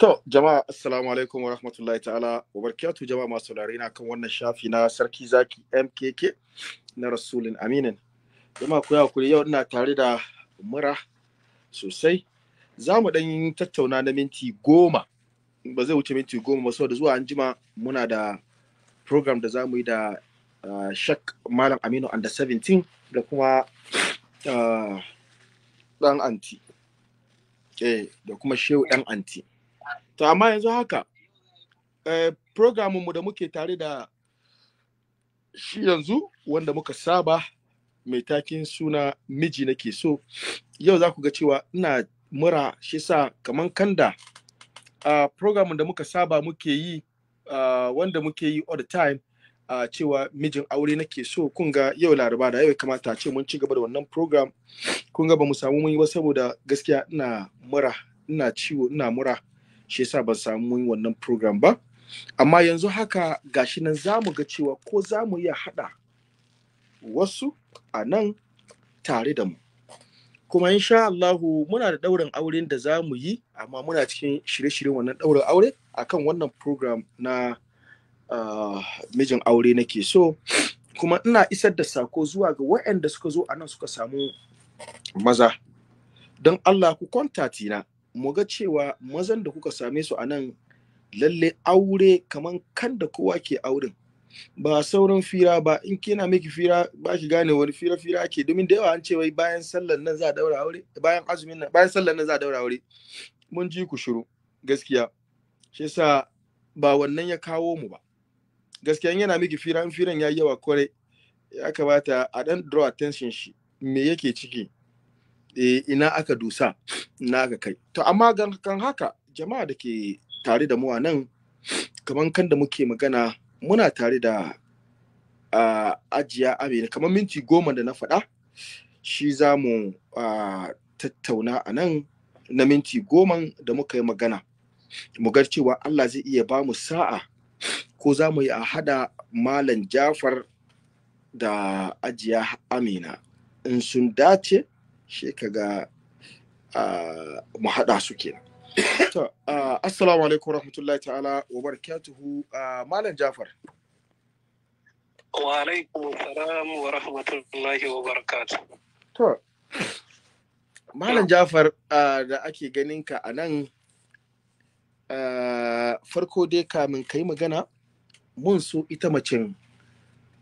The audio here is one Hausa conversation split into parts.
To, jama'a assalamu alaikum wa rahmatullahi ta'ala wa barakatuh jama'a masu na kan wannan shafi na sarki zaki MKK na Rasulun Aminin. Jama'a ku hakuri yau ina tare da mura sosai. Za mu ɗan tattauna na minti goma, ba zai wuce minti goma ba da zuwa anjima muna da program da za mu yi da uh, Malam Aminu under 17 da kuma ah, ɗan anti. Eh, da kuma shehu ɗan anti. to amma yanzu haka eh, mu da muke tare da shi yanzu wanda muka saba mai takin suna miji nake so yau za ku ga cewa ina mura shi sa kaman kanda a uh, da muka saba muke yi uh, wanda muke yi all the time uh, cewa mijin aure nake so kun ga yau laraba da yau kamata ce mun ci gaba da wannan program kun ga ba mu samu mun yi ba saboda gaskiya ina mura ina ciwo ina mura shi yasa ban samu wannan program ba amma yanzu haka gashi nan za mu ga cewa ko za mu iya haɗa wasu a nan tare da mu kuma insha Allahu muna da ɗaurin auren da za mu yi amma muna cikin shirye-shiryen wannan ɗaurin aure akan wannan program na ah, mijin aure nake so kuma ina isar da sako zuwa ga wa'anda suka zo a nan suka samu maza don Allah ku kwantati na mu ga cewa mazan da kuka same su a nan lalle aure kaman kan da kowa ke auren ba sauran fira ba in kina miki fira ba ki gane wani fira fira ake domin da yawa an ce wai bayan sallan nan za a daura aure bayan azumin nan bayan sallan nan za a daura aure mun ji ku shiru gaskiya shi yasa ba wannan ya kawo mu ba gaskiya yana miki fira in firan yayi yawa kore ya kamata a dan draw attention shi me yake ciki eh ina aka dusa naga kai to amma kan haka jama'a da ke tare da mu a nan kamar kan da muke magana muna tare da uh, ajiya amina kamar minti goma da na faɗa shi za mu tattauna a nan na minti goma da muka yi magana mu ga cewa Allah zai iya ba mu sa'a ko za mu yi a hada malam jafar da ajiya amina in sun dace shi kaga mu haɗa su kenan to assalamu alaikum rahmatullahi ta'ala wa barakatuhu malam jafar wa alaikum wa rahmatullahi wa barakatuhu to malam jafar da ake ganin ka a nan farko dai kamin ka yi magana mun so ita macen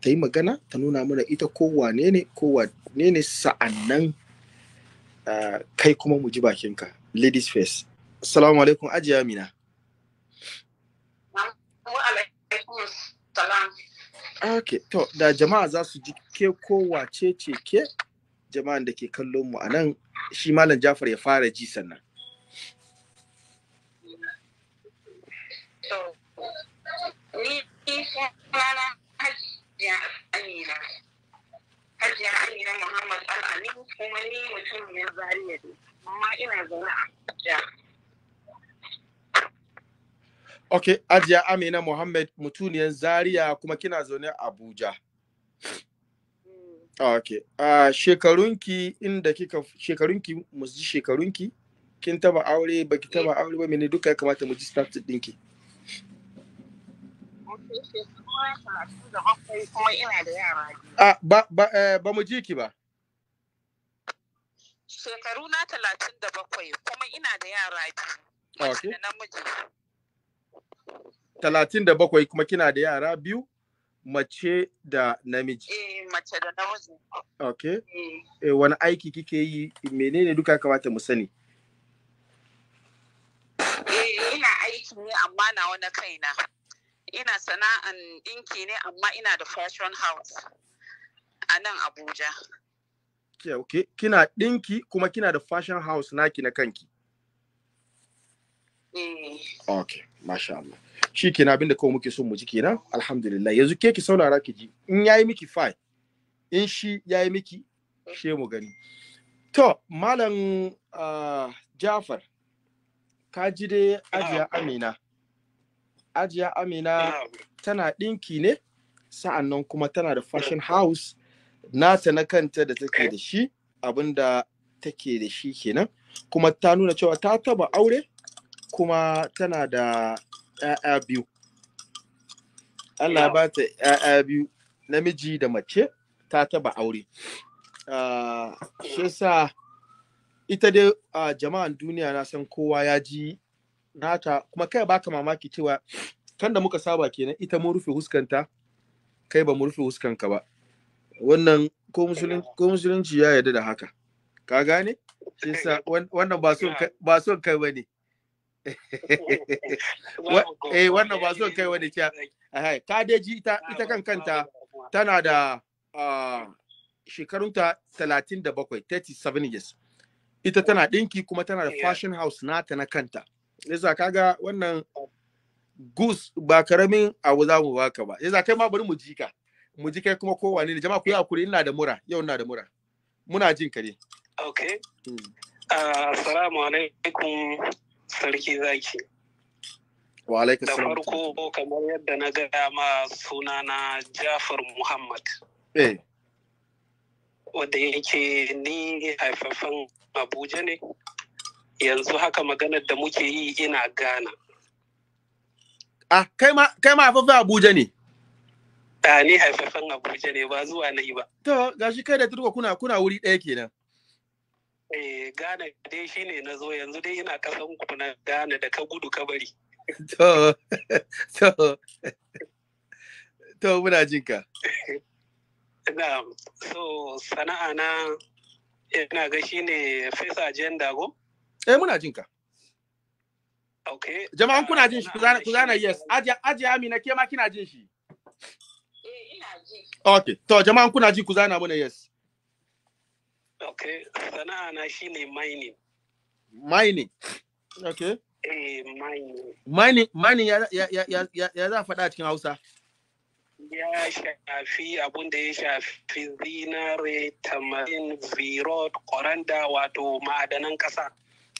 ta yi magana ta nuna mana ita ko wane ne ko wane ne sa'annan kai kuma mu ji bakinka ladies first assalamu alaikum ajiya mina ok to da jama'a za su ji ke ko wace ce ke jama'an da ke kallon mu a nan shi malam jafar ya fara ji sannan ni Ok, Ajiya Amina Muhammad mutuniyar Zaria kuma kina zaune Abuja. Mm. Ok, uh, shekarunki inda kika shekarunki mu shekarunki kin taba aure baki ki taba eh. aure ba mene duka ya kamata mu ji status dinki. Ah, ba ba eh, ba mu ji ki ba. Shekaru na talatin da bakwai kuma ina da yara biyu. Okay. Namiji. talatin da bakwai kuma kina da yara biyu mace da namiji. Eh, mace da namiji. Okay. Eh, e, wani aiki kike yi menene duka kamata mu sani? Eh, ina aiki ne amma na wani kaina. Ina sana'an dinki ne amma ina da fashion house a nan Abuja. Okay, okay. Kina dinki kuma kina da fashion house naki na kanki. Eh. Okay, masha Allah. shi na abinda kawai muke so mu ji kenan alhamdulillah yanzu ke ki saurara ki ji in yayi miki fai in shi yayi miki she mu gani to malam ah, Jafar ka ji dai ajiya Amina ajiya Amina tana dinki ne sa'annan kuma tana da fashion house nata na kanta da take da shi abinda take da shi kenan kuma ta nuna cewa ta taba aure kuma tana da ‘ya'ya biyu. Allah ba ta ‘ya'ya biyu namiji da mace ta taba aure. Ah, shi sa ita dai a jama'an duniya na san kowa ya ji nata kuma kai baka mamaki cewa kan da muka saba kenan ita mun rufe huskanta kai ba mu rufe huskanka ba. Wannan ko musulunci ya yarda da haka. Ka gane? Shi wannan ba son kai ba ne. eh wannan ba son kai wani kya ka ita ita kan kanta tana da ah, shekarunta 37 37 years ita tana dinki kuma tana da fashion house nata na kanta yasa kaga wannan oh. goose ba karamin abu za mu baka ba yasa kai ma bari mu ji ka mu ji kai kuma kowane ne jama'a ku yi hakuri ina da mura yau ina da mura muna jin ka ne okay hmm. ah, assalamu alaikum sarki zaki da farko kamar yadda na gaya ma suna na jafar muhammad eh. wadda yake ni haifafan abuja ne yanzu haka maganar da muke yi ina ghana ah kai ma haifafan abuja ne da ah, ni haifafan abuja ne ba zuwa na yi ba to gashi kai da turko kuna wuri ɗaya kenan Eh, Ghana dai shine na zo yanzu dai ina kasan ku na Ghana da ka gudu ka bari. To, to, to muna jin ka. Na, so sana'a na ina ga shine face agenda go? Eh muna jin ka. Okay. Jama'an kuna jin shi ku zana yes. Aji Amina ke ma kina jin shi. Eh ina ji. Okay. To jama'an kuna ji ku zana mana yes. Okay, sana'a na shine mining. Mining. Okay. Eh, mining. Mining, mining ya za a ya ya, faɗa cikin Hausa. Ya shafi abun da ya shafi zinare, tamarin, virot, koranda wato ma'adanan ƙasa.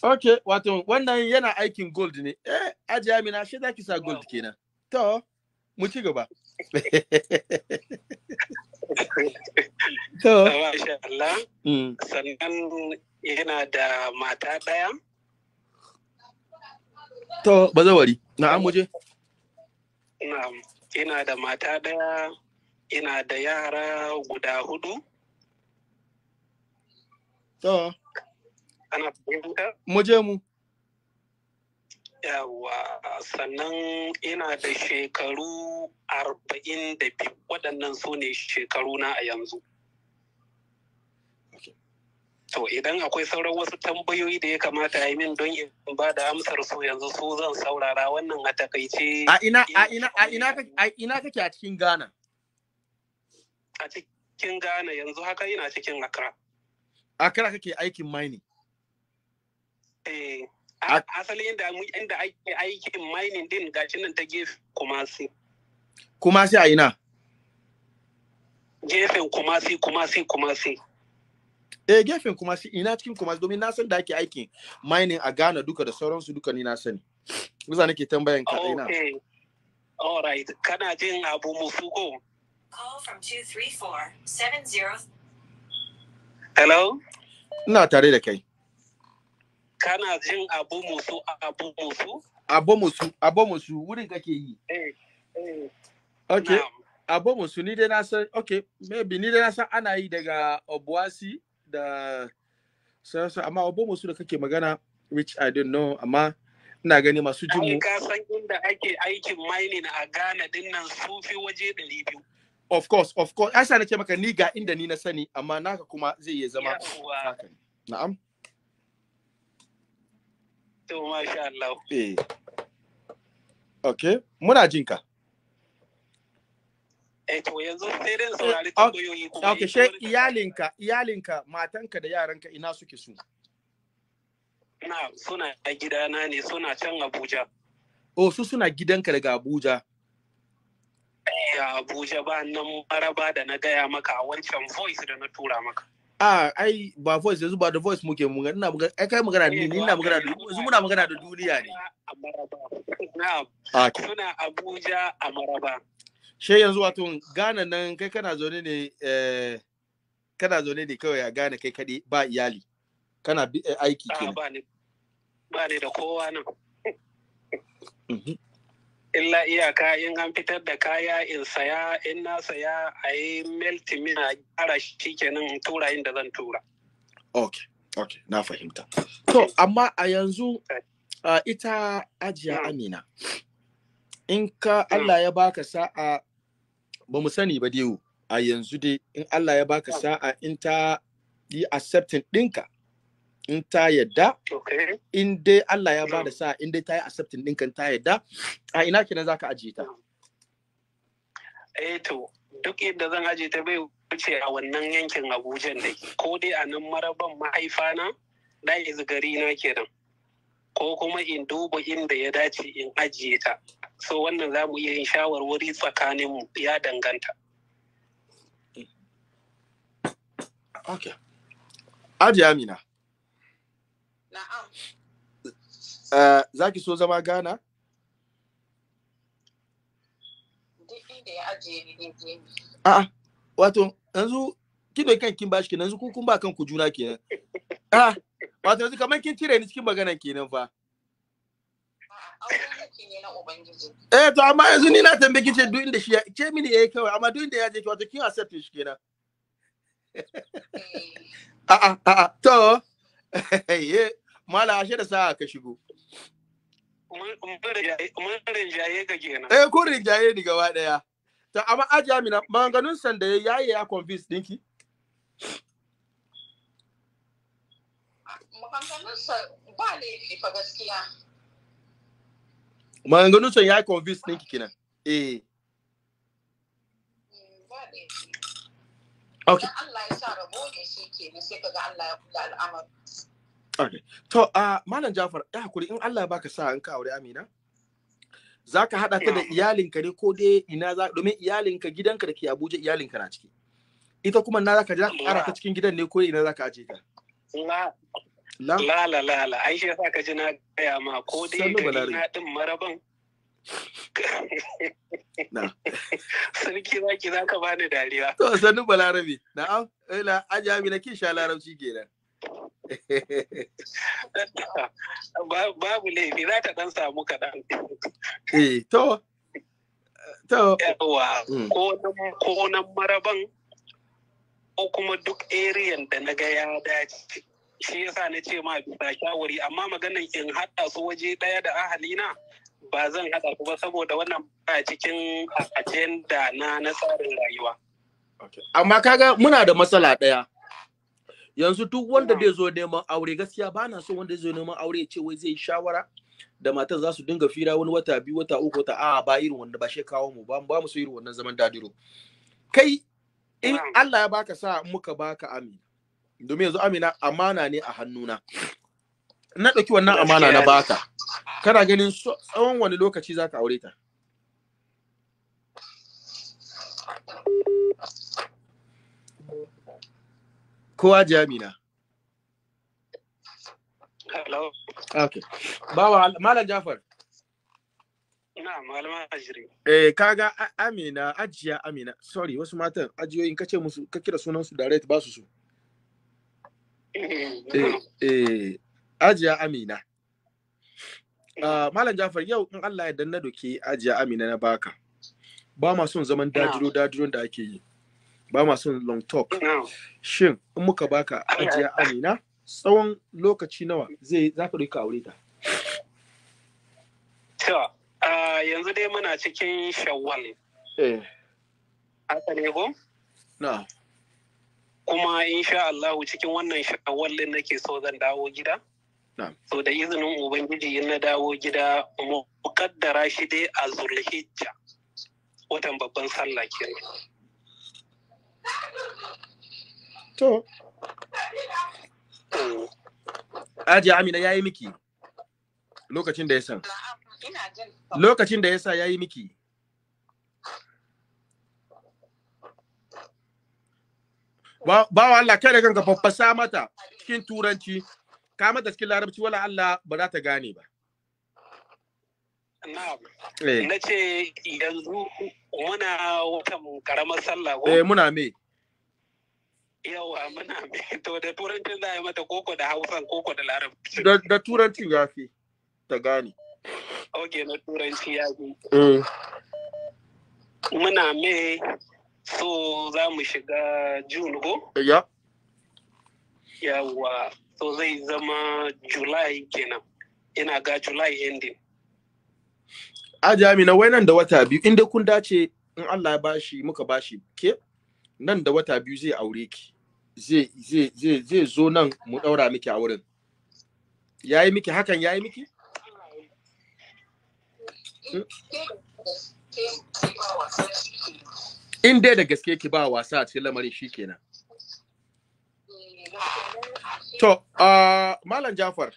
Okay, wato wannan yana aikin gold ne. Eh, ajiya mina shi za ki sa gold kenan. To, mu ci gaba. To. Masha Allah. Mm. Sannan yana da mata ɗaya. To, bazawari, na'am waje? Na'am, Ina da mata ɗaya, ina da yara guda hudu. To. Ana Muje mu. yawa sannan ina da shekaru arba'in da biyu waɗannan su ne shekaru na a yanzu to idan akwai sauran wasu tambayoyi da ya kamata yi min don in ba da amsar su yanzu su zan saurara wannan a takaice a ina a ina a ina a ina kake a cikin Ghana a cikin Ghana yanzu haka ina cikin Accra Accra kake aikin mining eh asali yadda inda ake aikin mining din gashi nan ta gefe kumasi kumasi a ina gefen kumasi kumasi kumasi eh gefen kumasi ina cikin kumasi domin na san da ake aikin mining a Ghana duka da sauransu duka ni na sani Musa nake tambayan ka ina all right kana jin abu ko call from 234 70 hello ina tare da kai kana jin abu musu abu musu abu musu abu musu wurin kake yi eh, eh. okay abu musu ni dai na san okay maybe ni dai na san ana yi daga obuasi da sassa amma abu musu da kake magana which i don't know amma ina gani masu jin mu ka san inda ake aikin mining a Ghana din nan sun fi waje 200 of course of course asa nake maka ni ga inda ni na sani amma naka kuma zai iya zama yeah, To masha Allah. Eh. Okay, muna jin ka. Eh to yanzu sai dai eh, saurari tambayoyi kuma. Okay, she iyalinka, iyalinka, matanka da yaranka ina suke su? Na suna a gidana ne, suna can Abuja. Oh, su suna gidanka daga Abuja. Eh, Abuja ba nan maraba da na gaya maka a wancan voice da na tura maka. a ai ba voice yanzu ba da voice muke mu ina magana ai kai magana ne ina magana da yanzu muna magana da duniya ne na'am suna Abuja a Maraba she yanzu wato Ghana nan kai kana zaune ne eh kana zaune ne kawai a Ghana kai kade ba iyali kana eh, aiki kenan ba ne ba ne da kowa nan mhm. illa iyaka in an fitar da kaya in saya in na saya a yi melti mina gyara shi kenan in tura inda zan tura ok ok na fahimta to eh. amma a yanzu ita ajiya mm. amina in ka mm. allah ya baka sa'a ba mu sani ba dewu a yanzu dai in allah ya baka mm. sa'a in ta yi accepting ɗinka in ta yadda in dai Allah ya bada sa in dai ta yi accepting ɗinka ta yadda a ina kenan zaka ajiye ta eh to duk inda zan ajiye ta bai wuce a wannan yankin Abuja ne ko dai a nan maraban mahaifa na da gari na kenan ko kuma in duba inda ya dace in ajiye ta so wannan za mu iya yin shawarwari tsakaninmu ya danganta Okay. Ajiye Amina. Uh, za ki so zama Ghana? A'a, wato, yanzu kin doki kan kin bashi kenan, yanzu kun kun ba kanku juna kenan. A'a, ah, wato yanzu kamar kin cire ni cikin maganan kenan fa. Eh to amma yanzu ni na tambaye kice duk inda shi ya ce mini yayi kawai amma duk inda ya je wato kin accept shi kenan. Eh. A'a a'a to. Eh mala ashe da sa'a ka shigo mun rinjaye ka kenan eh kun rinjaye ni gaba daya ta amma aji amina maganganun sanda ya yi ya convince dinki maganganunsa ba laifi fa gaskiya maganganunsa ya yi convince dinki kenan eh mm, Okay. Allah ya sa rabo ne shi ke sai ka ga Allah ya kula al'amari. To, Malam Jafar, ya hakuri in Allah baka sa an ka aure Amina? Za ka haɗa ta da iyalinka ne ko dai ina za domin iyalinka gidanka da ke Abuja iyalinka na ciki. Ita kuma na za ka ƙara ta cikin gidan ne ko ina za ka aje ta? La, la, la, la, la, ai shi yasa ka ji na gaya ma ko dai gari na ɗin maraban Sarki zaki za ka bani dariya. To, sannu balarabi. na'am, ila, eh, ajami na kin sha larabci kenan. babu laifi za ta dan samu kaɗan. Eh, to to yawa mm. ko nan maraban ko kuma duk ariyan da na ga ya dace shi yasa na ce ma bisa shawari amma maganan in haɗa su waje ɗaya da ahalina ba zan haɗa su ba saboda wannan ba cikin ajenda na na tsarin rayuwa amma kaga muna da matsala ɗaya yanzu duk wanda zai zo neman aure gaskiya ba na so wanda zai zo neman aure ce wai zai shawara da matan za su dinga fira wani wata biyu wata uku wata a'a ba irin wanda ba shi kawo mu ba ba mu so irin wannan zaman dadiro kai in Allah ya baka sa muka baka amina domin yanzu amina amana ne a hannuna na ɗauki wannan amana na baka kana ganin tsawon wani lokaci za ka aure ta kowa amina Hello. Okay. Bawa Malam Jafar. Ina malama ajiri. Eh kaga Amina ajiya Amina sorry wasu matan ajiyoyin kace musu ka kira sunan su direct ba su su. Eh, eh eh ajiya Amina. Uh, Malam Jafar yau in Allah ya danna doke ajiya Amina na baka. Ba ma son zaman dajiro dajiron da ake yi. ba ma son long talk shin in muka baka ajiya amina tsawon lokaci nawa zai za rika aure ta to yanzu dai muna cikin shawwal eh haka ne ko na kuma insha Allah cikin wannan shawwal din nake so zan dawo gida so da izinin ubangiji in na dawo gida mu kaddara shi dai a zulhijja watan babban sallah kenan to aji amina ya yi miki lokacin da ya san lokacin da ya sa ya yi miki ba Allah kai da kanka faffasa mata cikin turanci ka mata cikin larabci wala Allah ba za ta gane ba na ce yanzu muna wata karamar sallah eh muna me yawa muna mai to da turancin za a yi mata koko da hausan koko da larabci da turanci ya fi ta gane ok na turanci ya fi eh. muna mai so za mu shiga june ko ya yawa so zai zama july kenan ina ga july ending a jami na wainan da wata biyu inda kun dace in allah ya bashi muka bashi ke nan da wata biyu zai aure ki zai zo nan mu ɗaura miki a wurin ya yi miki hakan ya yi miki? in dai da gaske ki ba wasa a cikin lamarin shi kenan to malam jafar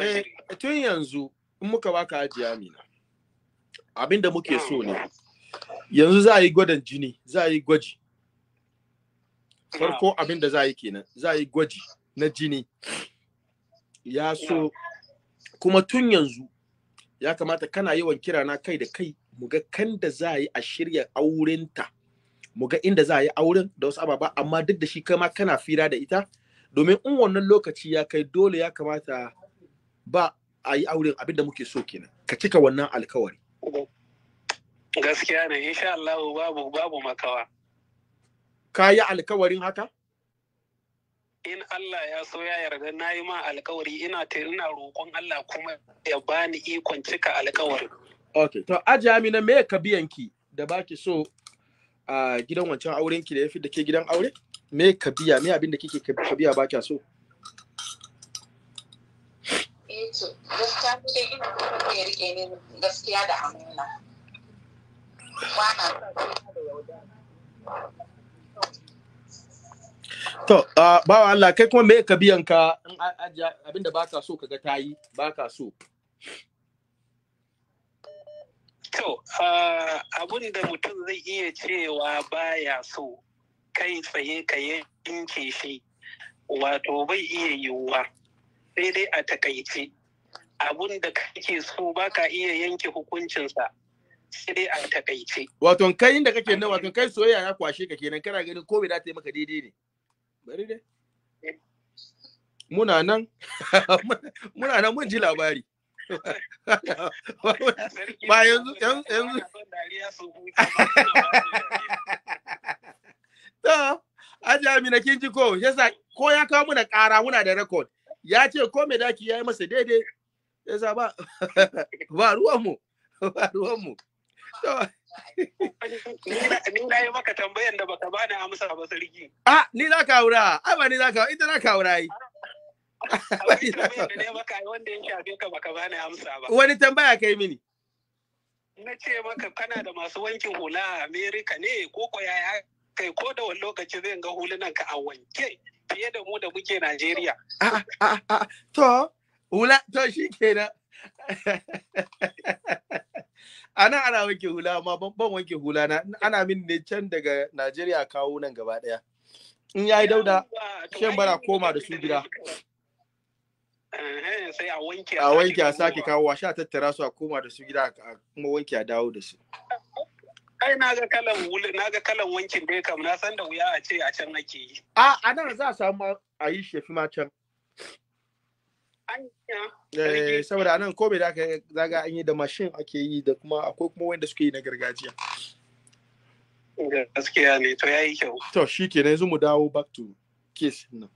eh, tun yanzu in muka baka ajiya mina abinda muke so ne yanzu za a yi gwadon jini za a yi gwaji farko abin da za a yi kenan za a yi gwaji na jini ya so kuma tun yanzu ya kamata kana yawan kira na kai da kai mu ga kan da za a yi a shirya aurenta mu ga inda za a yi auren da wasu ababa amma duk da shi kai ma kana fira da ita domin in wannan lokaci ya kai dole ya kamata ba a yi auren abin da muke so kenan ka cika wannan alkawari Gaskiya ne, insha Allah babu babu makawa. Ka yi alkawarin haka? In Allah ya so ya yarda na yi ma alkawari ina ta ina roƙon Allah kuma ya bani ikon cika alkawarin. Ok, to a Amina me ka biyanki da baki so a gidan wancan aurenki da ya fi da ke gidan aure? Me ka biya, me abin da kike ka biya ba so? Eh gaskiya da Amina. To, uh, bawa Allah, kai kuma me ka in ka abinda ba ka so kaga ta yi, ba ka so. To, abin da mutum zai iya cewa baya so kai tsaye ka yanke shi wato bai iya yiwuwa sai dai a takaice abin da kake so baka iya yanke hukuncinsa sai a takaice. Wato kai inda kake nan wato kai soyayya ya kwashe ka kenan kana ganin ko bai za ta yi maka daidai ne. Bari dai. Muna nan muna nan mun ji labari. Ba yanzu yanzu To Aji Amina kin ji ko yasa ko ya kawo muna ƙara muna da record. Ya ce ko me daki yayi masa daidai. Yasa ba ba ruwan mu. ba ruwan mu. Ni na yi maka tambayan da baka bani amsa ba sarki. Ah, ni za ka aura. Ai ba ni za ka ita za ka aura yi. Wani tambaya kai mini. Na ce maka kana da masu wankin hula a Amerika ne ko ko yaya kai ko da wani lokaci zai ga hulunan ka a wanke fiye da mu da muke Najeriya. To, hula to shi kenan. ana ana wanke hula amma ban wanke hula na ana min ne can daga Najeriya kawo nan gaba daya in yayi dauda shan bara koma da su gida sai a wanke a wanke a sake kawo a sha tattara su a koma da su gida a kuma wanke a dawo da su ai na ga kalan wuli na ga kalan wankin dai kam na san da wuya a ce a can ake yi a anan za a samu a yi shefi ma can Eh, saboda anan ko bai da zaga an yi da mashin ake yi da kuma akwai kuma wanda suke yi na gargajiya gaskiya ne to yayi kyau to shi ke yanzu mu dawo back to case nan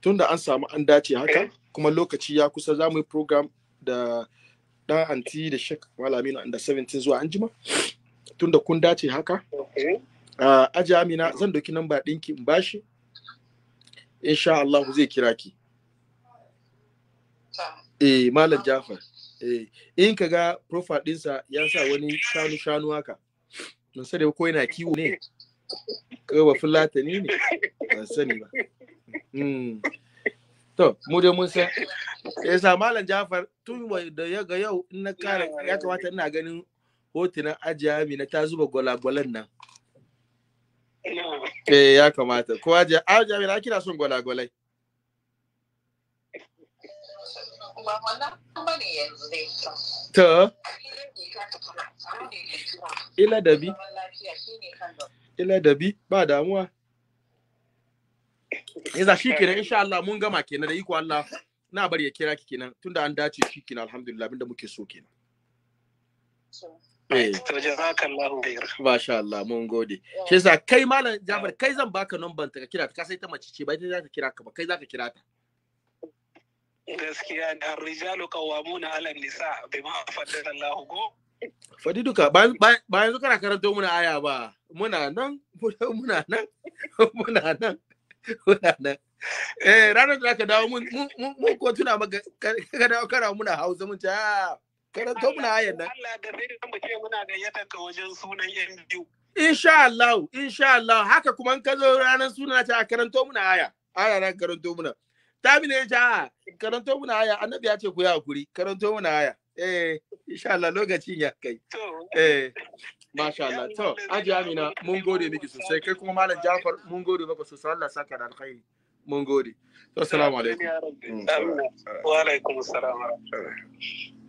tunda an samu an dace haka eh. kuma lokaci ya kusa za mu yi program da dan anti da shek malami na under 17 zuwa anjima tunda kun dace haka ah, aji amina zan doki namba dinki in bashi insha Allah zai kira ki eh malam jafar eh in ka ga profile ɗinsa ya sa wani shanu shanu haka mun sani ko yana kiwo ne ko ba fulatani ne ban sani ba hmm. to mu dai mun san ya eh, sa malam jafar tun da ya ga yau in na kare ya kamata ina ganin hotunan ajiya na ta zuba gwalagwalan nan eh ya kamata ko ajiya ajiya amina kina son gwalagwalai ta wannan ba ila da bi? ba damuwa yanzu shi kenan insha Allah mun gama kenan da iko Allah na bari ya kira ki kenan tunda an dace shi kenan alhamdulillah abinda muke so kenan eh. Eh. To jazakallahu khair. Masha Allah mun gode. Shi yasa kai malam Jafar kai zan baka number ta ka kira ta ka sai ta mace ce ba ita za ta kira ka ba kai za ka kira ta. gaskiya da rijalu qawwamuna 'ala nisa bima faddala Allah go Fadi duka ba yanzu kana karanto muna aya ba muna nan muna nan muna nan muna nan eh ranar da aka dawo mun mun ko tuna maka ka dawo kana muna Hausa mun ta ah, karanto muna ayan nan Allah da sai mu ce muna gayyatar ka wajen sunan yan biyu insha Allah insha Allah haka kuma in ka zo ranar sunan ta ah, karanto muna aya aya ran karanto muna ja karanto muna haya, annabi ya ce ku ya hakuri, karanto muna haya. Eh, insha Allah lokacin ya kai. Eh, masha Allah. To, Aji Amina, mun gode miki sosai. Kai kuma Malam Jafar, mun gode maka sosai. Allah saka da alkhairi. Mun gode. To, assalamu alaikum. Mm, Wa alaikum assalam.